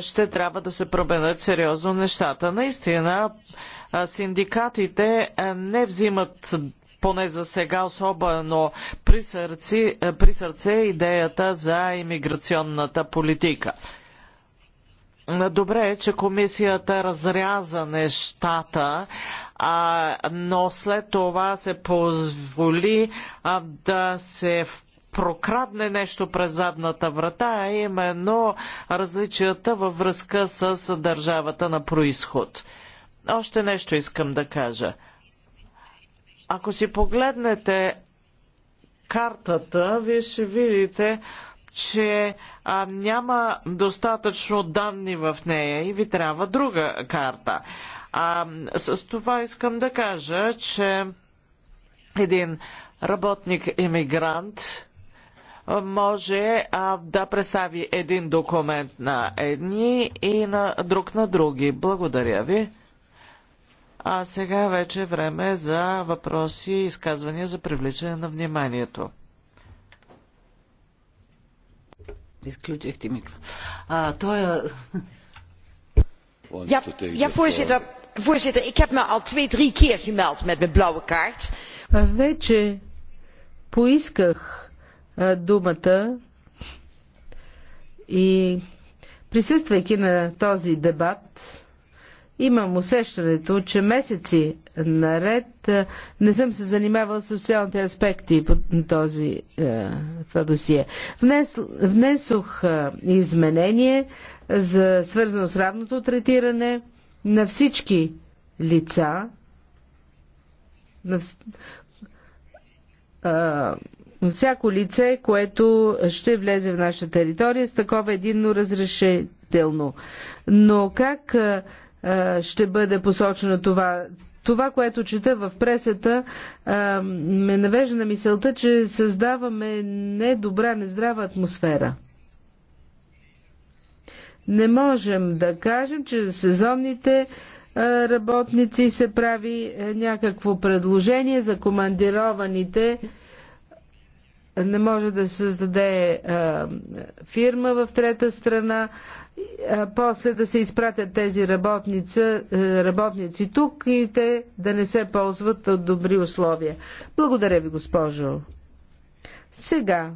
ще трябва да се променят сериозно нещата. Наистина, синдикатите не взимат поне за сега особено при, сърци, при сърце идеята за имиграционната политика. Добре е, че комисията разряза нещата, а, но след това се позволи а, да се прокрадне нещо през задната врата, а именно различията във връзка с държавата на происход. Още нещо искам да кажа. Ако си погледнете картата, вие ще видите, че а, няма достатъчно данни в нея и ви трябва друга карта. А, с това искам да кажа, че един работник-емигрант може а, да представи един документ на едни и на друг на други. Благодаря ви. А сега вече е време за въпроси и изказвания за привличане на вниманието. Изключихте микро. А, той е... Ja, ja, voorzitter. Voorzitter, ik heb me al twee, drie keer gemeld met mijn blauwe kaart. Вече поисках а, думата и присъствайки на този дебат, Имам усещането, че месеци наред е, не съм се занимавал с социалните аспекти по този, е, това досие. Внес, внесох е, изменение за свързано с равното третиране на всички лица, на, а, всяко лице, което ще влезе в наша територия с такова единно разрешително. Но как а, е, ще бъде посочено това. Това, което чета в пресата, е, ме навежда на мисълта, че създаваме недобра, нездрава атмосфера. Не можем да кажем, че за сезонните е, работници се прави някакво предложение за командированите. Не може да се създаде фирма в трета страна после да се изпратят тези работница, е, работници тук и те да не се ползват от добри условия. Благодаря ви, госпожо. Сега,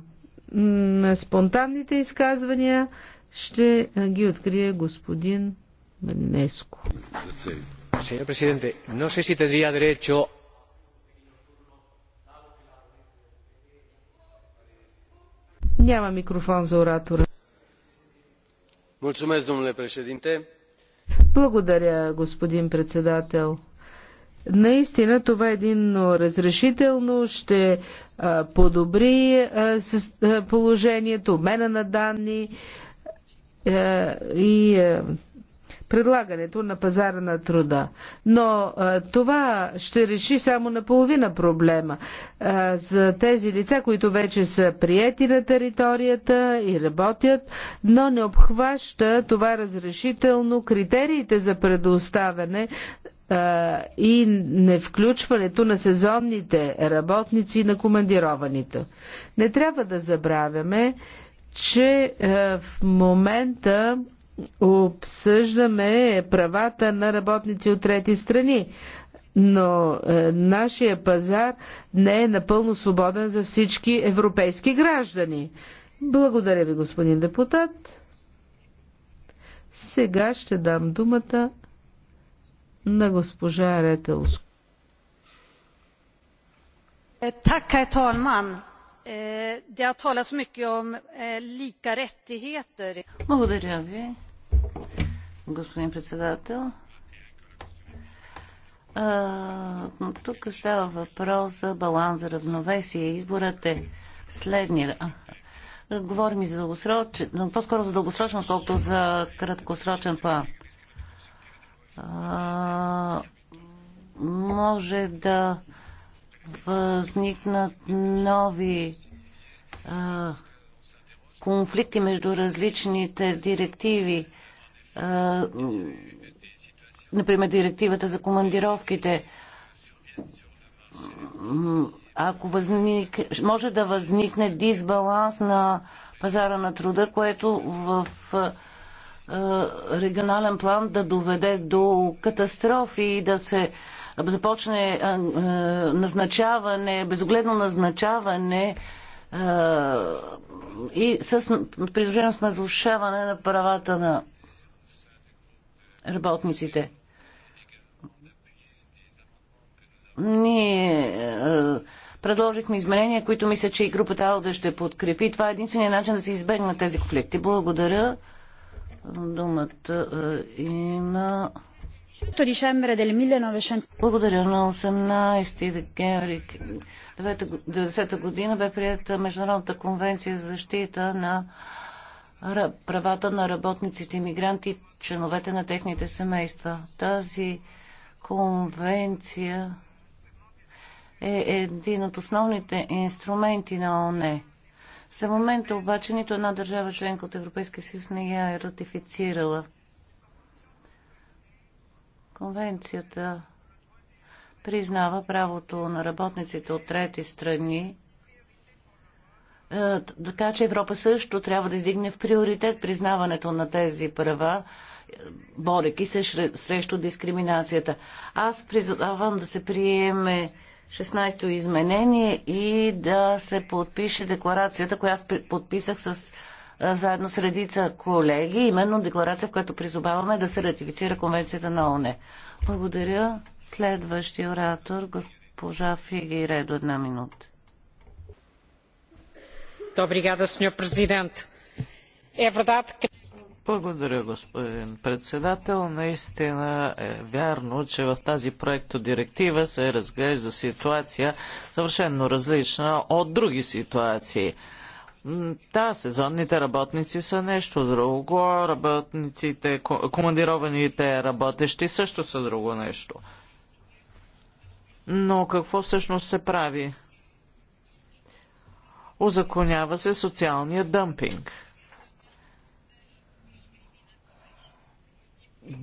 на спонтанните изказвания ще ги открие господин Малинеско. Señor presidente, no sé si tendría derecho няма микрофон за оратора. Благодаря, господин председател. Наистина това е един разрешително, ще подобри положението, обмена на данни и предлагането на пазара на труда. Но а, това ще реши само наполовина проблема. А, за тези лица, които вече са приети на територията и работят, но не обхваща това разрешително критериите за предоставяне и невключването на сезонните работници и на командированите. Не трябва да забравяме, че в момента обсъждаме правата на работници от трети страни, но е, нашия пазар не е напълно свободен за всички европейски граждани. Благодаря ви, господин депутат. Сега ще дам думата на госпожа Ретелско. Е, така е Толман. Eh, det har talats mycket om eh, lika rättigheter. Благодаря ви, господин председател. тук става въпрос за баланс, за равновесие. Изборът е следния. Говорим и за дългосрочен, по-скоро за дългосрочен, отколкото за краткосрочен план. може да възникнат нови а, конфликти между различните директиви. А, например, директивата за командировките. Ако възник, може да възникне дисбаланс на пазара на труда, което в а, регионален план да доведе до катастрофи и да се а, започне назначаване, безогледно назначаване и с придружено с нарушаване на правата на работниците. Ние предложихме изменения, които мисля, че и групата Алде ще подкрепи. Това е единствения начин да се избегнат тези конфликти. Благодаря. Думата има благодаря. На 18 декември 1990 година бе прията Международната конвенция за защита на правата на работниците и мигранти, членовете на техните семейства. Тази конвенция е един от основните инструменти на ОНЕ. За момента обаче нито една държава членка от Европейския съюз не я е ратифицирала. Конвенцията признава правото на работниците от трети страни, е, така че Европа също трябва да издигне в приоритет признаването на тези права, е, борейки се срещу дискриминацията. Аз призовавам да се приеме 16-то изменение и да се подпише декларацията, която подписах с заедно с редица колеги, именно декларация, в която призоваваме да се ратифицира конвенцията на ОНЕ. Благодаря. Следващия оратор, госпожа до една минута. Добри гада, Presidente. президент. Е, que благодаря, господин председател. Наистина е вярно, че в тази директива се разглежда ситуация съвършенно различна от други ситуации. Да, сезонните работници са нещо друго, работниците, командированите работещи също са друго нещо. Но какво всъщност се прави? Озаконява се социалния дъмпинг.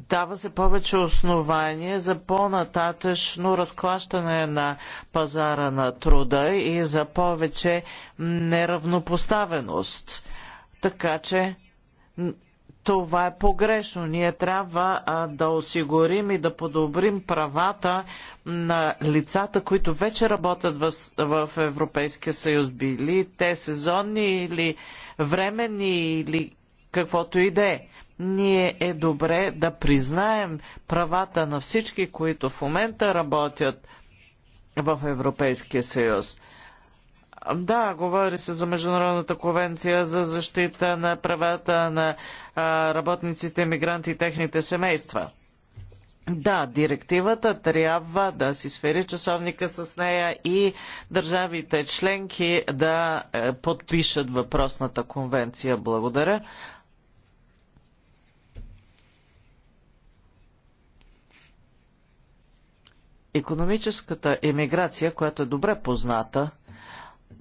дава се повече основание за по-нататъчно разклащане на пазара на труда и за повече неравнопоставеност. Така че това е погрешно. Ние трябва а, да осигурим и да подобрим правата на лицата, които вече работят в, в Европейския съюз, били те сезонни или временни или каквото и да е ние е добре да признаем правата на всички, които в момента работят в Европейския съюз. Да, говори се за Международната конвенция за защита на правата на а, работниците, мигранти и техните семейства. Да, директивата трябва да си сфери часовника с нея и държавите членки да е, подпишат въпросната конвенция. Благодаря. економическата емиграция, която е добре позната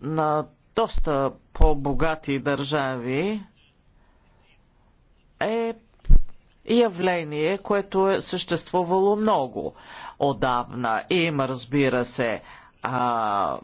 на доста по-богати държави, е явление, което е съществувало много отдавна. И има, разбира се, а,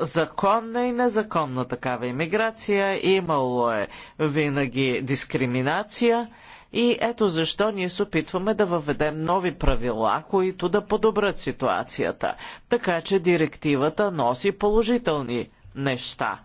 законна и незаконна такава иммиграция, имало е винаги дискриминация – и ето защо ние се опитваме да въведем нови правила, които да подобрят ситуацията. Така че директивата носи положителни неща.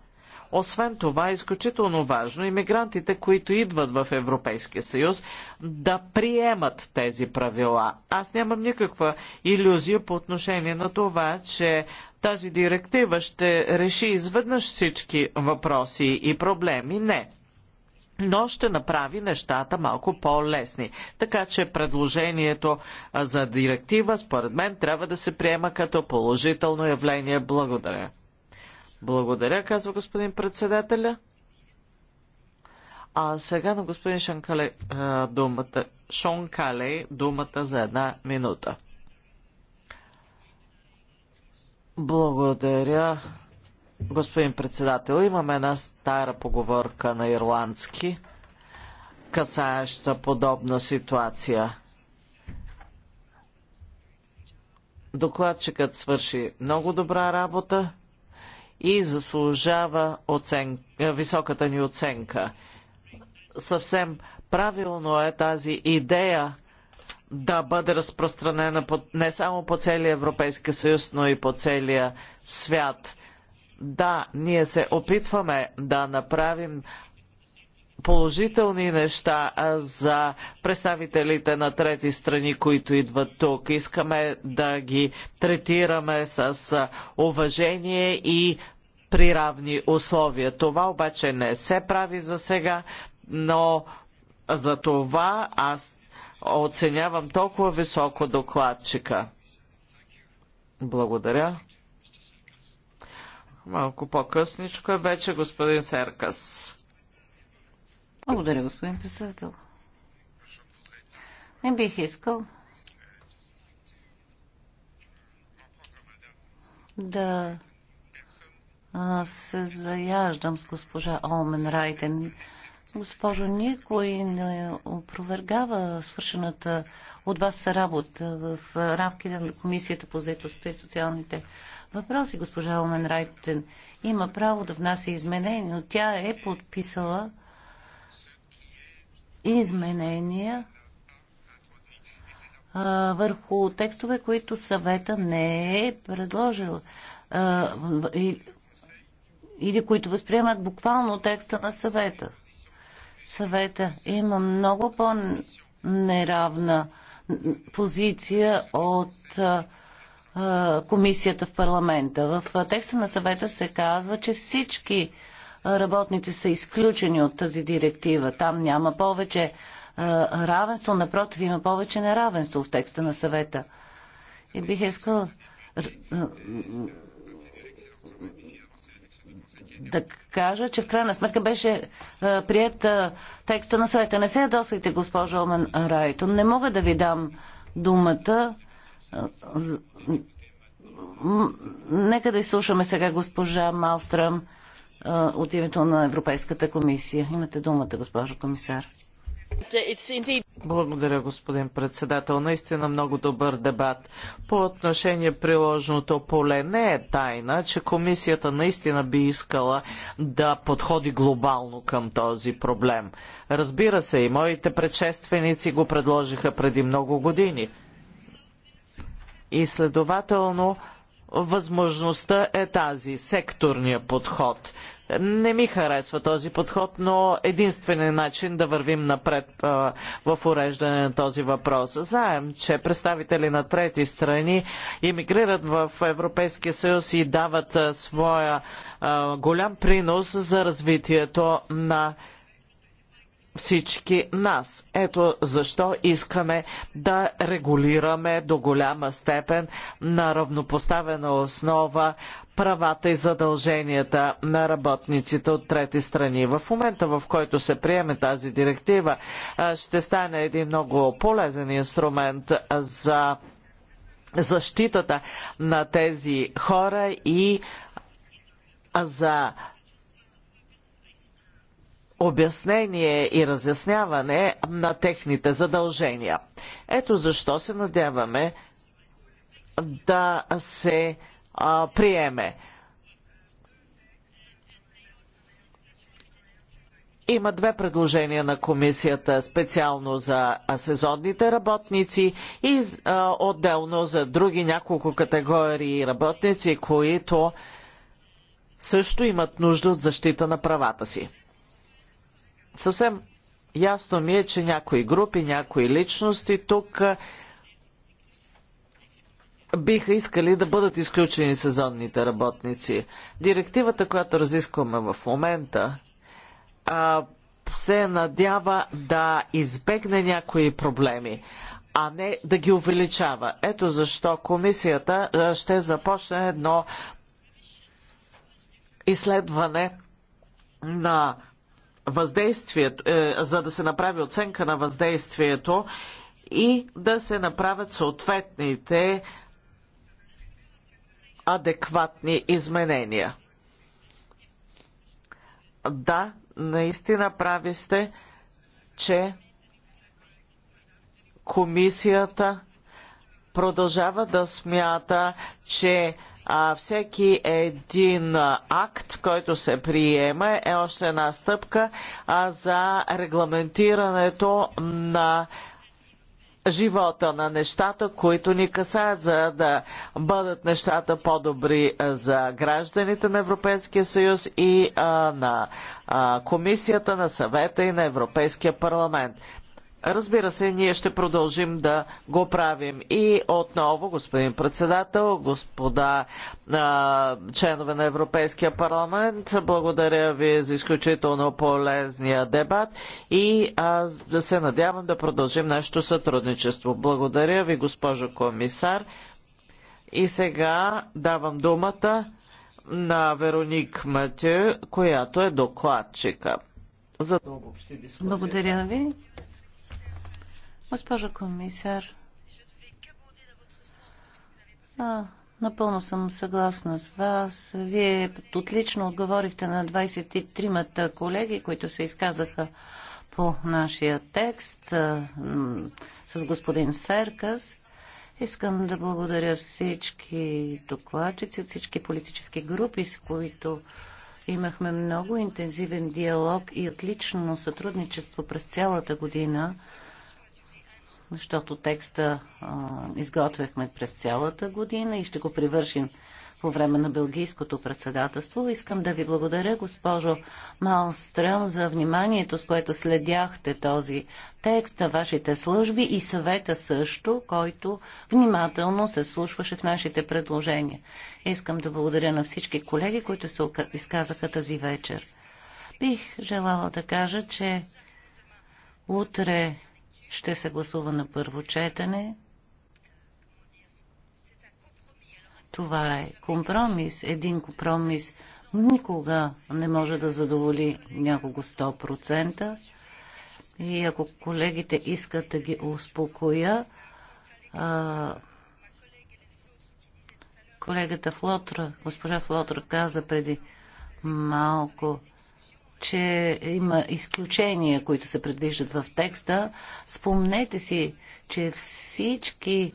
Освен това, е изключително важно иммигрантите, които идват в Европейския съюз, да приемат тези правила. Аз нямам никаква иллюзия по отношение на това, че тази директива ще реши изведнъж всички въпроси и проблеми. Не но ще направи нещата малко по-лесни. Така че предложението за директива, според мен, трябва да се приема като положително явление. Благодаря. Благодаря, казва господин председателя. А сега на господин Шанкале, думата, Шон Калей думата за една минута. Благодаря, Господин председател, имаме една стара поговорка на ирландски, касаеща подобна ситуация. Докладчикът свърши много добра работа и заслужава оцен... Е, високата ни оценка. Съвсем правилно е тази идея да бъде разпространена не само по целия Европейски съюз, но и по целия свят. Да, ние се опитваме да направим положителни неща за представителите на трети страни, които идват тук. Искаме да ги третираме с уважение и при равни условия. Това обаче не се прави за сега, но за това аз оценявам толкова високо докладчика. Благодаря. Малко по-късничко е вече господин Серкас. Благодаря, господин председател. Не бих искал да се заяждам с госпожа Олмен Райтен. Госпожо, никой не опровергава свършената от вас работа в рамките на Комисията по заедостта и социалните въпроси. Госпожа Омен Райтен има право да внася изменения, но тя е подписала изменения върху текстове, които съвета не е предложил. или които възприемат буквално текста на съвета съвета има много по-неравна позиция от комисията в парламента. В текста на съвета се казва, че всички работници са изключени от тази директива. Там няма повече равенство, напротив, има повече неравенство в текста на съвета. И бих искал да кажа, че в крайна сметка беше а, е, прият а, е, текста на съвета. Не се ядосвайте, госпожо Омен Райтон. Не мога да ви дам думата. Е, нека да изслушаме сега госпожа Малстрам от името на Европейската комисия. Имате думата, госпожо комисар. Благодаря, господин председател. Наистина много добър дебат. По отношение приложеното поле не е тайна, че комисията наистина би искала да подходи глобално към този проблем. Разбира се, и моите предшественици го предложиха преди много години. И следователно, възможността е тази секторния подход. Не ми харесва този подход, но единственият начин да вървим напред а, в уреждане на този въпрос. Знаем, че представители на трети страни иммигрират в Европейския съюз и дават а, своя а, голям принос за развитието на всички нас. Ето защо искаме да регулираме до голяма степен на равнопоставена основа правата и задълженията на работниците от трети страни. В момента, в който се приеме тази директива, ще стане един много полезен инструмент за защитата на тези хора и за обяснение и разясняване на техните задължения. Ето защо се надяваме да се а, приеме. Има две предложения на комисията специално за сезонните работници и а, отделно за други няколко категории работници, които също имат нужда от защита на правата си. Съвсем ясно ми е, че някои групи, някои личности тук биха искали да бъдат изключени сезонните работници. Директивата, която разискваме в момента, се надява да избегне някои проблеми, а не да ги увеличава. Ето защо комисията ще започне едно изследване на въздействието, е, за да се направи оценка на въздействието и да се направят съответните адекватни изменения. Да, наистина прави сте, че комисията продължава да смята, че всеки един акт, който се приема, е още една стъпка за регламентирането на живота на нещата, които ни касаят, за да бъдат нещата по-добри за гражданите на Европейския съюз и а, на а, Комисията, на съвета и на Европейския парламент. Разбира се, ние ще продължим да го правим. И отново, господин председател, господа а, членове на Европейския парламент, благодаря ви за изключително полезния дебат и аз да се надявам да продължим нашето сътрудничество. Благодаря ви, госпожо комисар. И сега давам думата на Вероник Матю, която е докладчика. За да обобщи дискусията. Благодаря ви. Госпожо комисар, а, напълно съм съгласна с вас. Вие отлично отговорихте на 23-мата колеги, които се изказаха по нашия текст а, с господин Серкас. Искам да благодаря всички докладчици от всички политически групи, с които имахме много интензивен диалог и отлично сътрудничество през цялата година защото текста а, изготвяхме през цялата година и ще го привършим по време на Белгийското председателство. Искам да ви благодаря, госпожо Малстрън, за вниманието, с което следяхте този текст на вашите служби и съвета също, който внимателно се слушваше в нашите предложения. Искам да благодаря на всички колеги, които се изказаха тази вечер. Бих желала да кажа, че утре ще се гласува на първо четене. Това е компромис. Един компромис никога не може да задоволи някого 100%. И ако колегите искат да ги успокоя, а, колегата Флотра, госпожа Флотра каза преди малко, че има изключения, които се предвиждат в текста. Спомнете си, че всички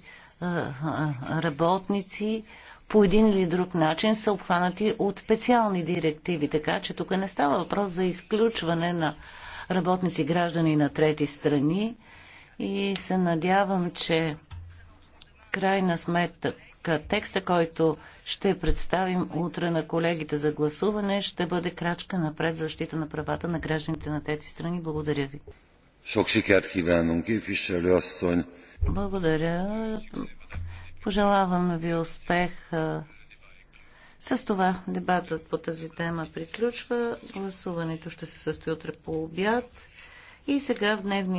работници по един или друг начин са обхванати от специални директиви. Така че тук не става въпрос за изключване на работници граждани на трети страни и се надявам, че крайна сметка текста, който ще представим утре на колегите за гласуване, ще бъде крачка напред защита на правата на гражданите на тези страни. Благодаря ви. Благодаря. Пожелавам ви успех. С това дебатът по тази тема приключва. Гласуването ще се състои утре по обяд. И сега в дневния